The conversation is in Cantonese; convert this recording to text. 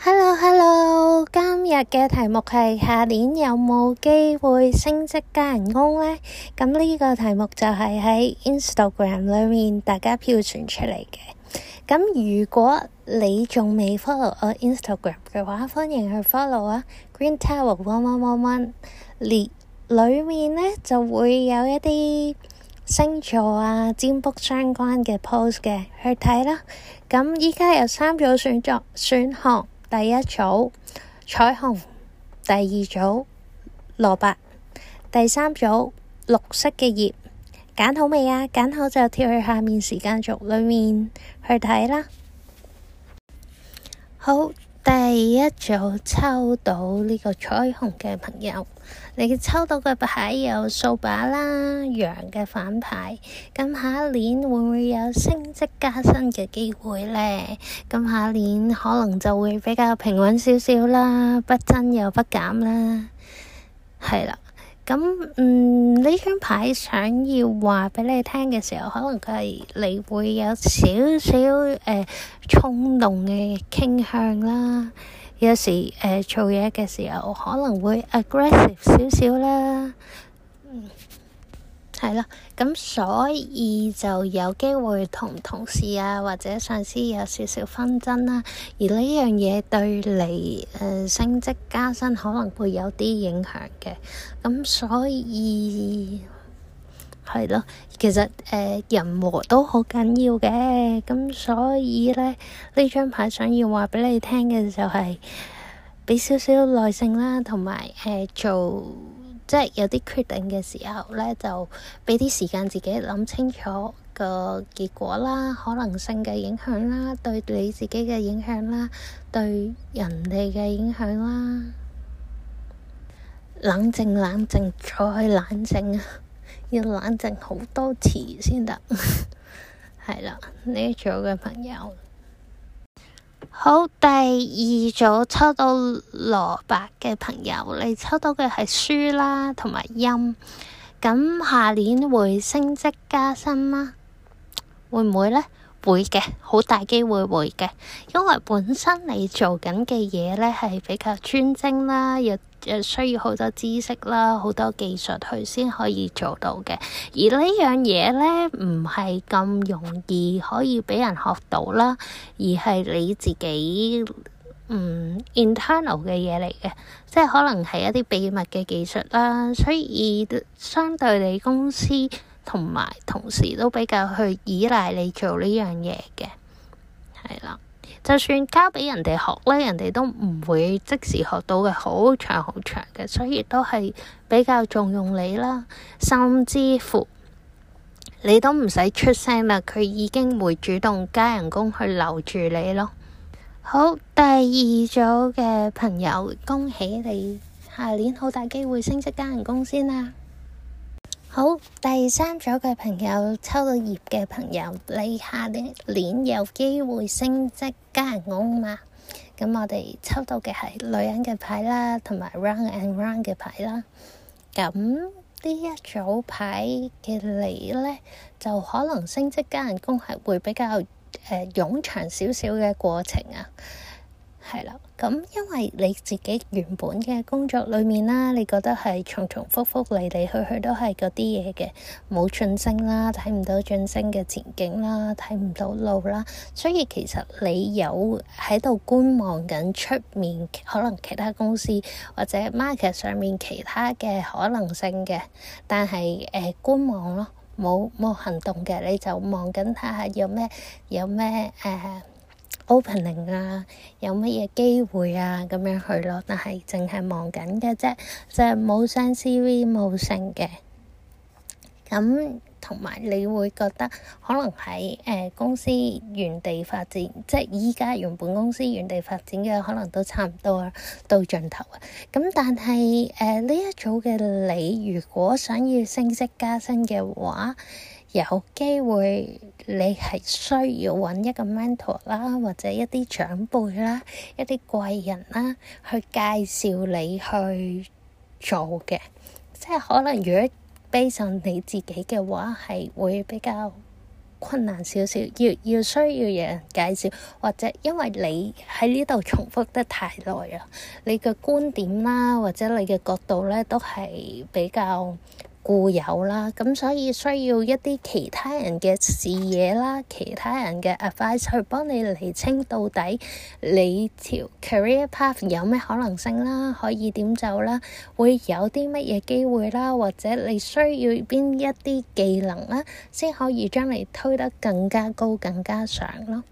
Hello，Hello，hello。今日嘅題目係下年有冇機會升職加人工呢？」咁呢個題目就係喺 Instagram 裏面大家票選出嚟嘅。咁如果你仲未 follow 我 Instagram 嘅話，歡迎去 follow 啊，Green Tarot One One One One。裏裏面呢就會有一啲星座啊、占卜相關嘅 post 嘅去睇啦。咁而家有三組選擇選項。第一組彩虹，第二組蘿蔔，第三組綠色嘅葉，揀好未啊？揀好就跳去下面時間軸裏面去睇啦。好。第一組抽到呢個彩虹嘅朋友，你抽到嘅牌有數把啦，羊嘅反牌，咁下一年會唔會有升職加薪嘅機會咧？咁下一年可能就會比較平穩少少啦，不增又不減啦，係啦。咁嗯，呢張牌想要話畀你聽嘅時候，可能佢係你會有少少誒衝動嘅傾向啦。有時誒、呃、做嘢嘅時候，可能會 aggressive 少少啦。嗯。係咯，咁所以就有機會同同事啊或者上司有少少紛爭啦，啊，而呢樣嘢對你誒、呃、升職加薪可能會有啲影響嘅。咁所以係咯，其實誒、呃、人和都好緊要嘅，咁所以咧，呢張牌想要話俾你聽嘅就係畀少少耐性啦，同埋誒做。即係有啲決定嘅時候咧，就畀啲時間自己諗清楚個結果啦，可能性嘅影響啦，對你自己嘅影響啦，對人哋嘅影響啦。冷靜冷靜再冷靜 要冷靜好多次先得。係 啦，呢組嘅朋友。好，第二組抽到蘿蔔嘅朋友，你抽到嘅係書啦，同埋音。咁下年會升職加薪嗎？會唔會咧？會嘅，好大機會會嘅，因為本身你做緊嘅嘢咧係比較專精啦，又。誒需要好多知識啦，好多技術去先可以做到嘅。而呢樣嘢咧，唔係咁容易可以畀人學到啦，而係你自己嗯 internal 嘅嘢嚟嘅，即係可能係一啲秘密嘅技術啦。所以相對你公司同埋同事都比較去依賴你做呢樣嘢嘅，係啦。就算交畀人哋學咧，人哋都唔會即時學到嘅，好長好長嘅，所以都係比較重用你啦，甚至乎你都唔使出聲啦，佢已經會主動加人工去留住你咯。好，第二組嘅朋友，恭喜你，下年好大機會升職加人工先啦。好，第三組嘅朋友，抽到葉嘅朋友，你下年有機會升職加人工嘛？咁我哋抽到嘅係女人嘅牌啦，同埋 round and round 嘅牌啦。咁呢一組牌嘅你咧，就可能升職加人工係會比較誒、呃、冗長少少嘅過程啊。係啦，咁、嗯、因為你自己原本嘅工作裏面啦，你覺得係重重複複嚟嚟去去都係嗰啲嘢嘅，冇晉升啦，睇唔到晉升嘅前景啦，睇唔到路啦，所以其實你有喺度觀望緊出面可能其他公司或者 market 上面其他嘅可能性嘅，但係誒、呃、觀望咯，冇冇行動嘅，你就望緊睇下有咩有咩誒、呃 Opening 啊，有乜嘢機會啊咁樣去咯，但係淨係望緊嘅啫，就係冇 send CV 冇 send 嘅。咁同埋你會覺得可能喺誒、呃、公司原地發展，即係依家原本公司原地發展嘅可能都差唔多啊，到盡頭啊。咁但係誒呢一組嘅你，如果想要升職加薪嘅話，有機會你係需要揾一個 mentor 啦，或者一啲長輩啦，一啲貴人啦，去介紹你去做嘅。即係可能如果 base 上你自己嘅話，係會比較困難少少，要要需要有人介紹，或者因為你喺呢度重複得太耐啦，你嘅觀點啦，或者你嘅角度咧，都係比較，固有啦，咁所以需要一啲其他人嘅視野啦，其他人嘅 advice 去幫你釐清到底你條 career path 有咩可能性啦，可以點走啦，會有啲乜嘢機會啦，或者你需要邊一啲技能啦，先可以將你推得更加高，更加上咯。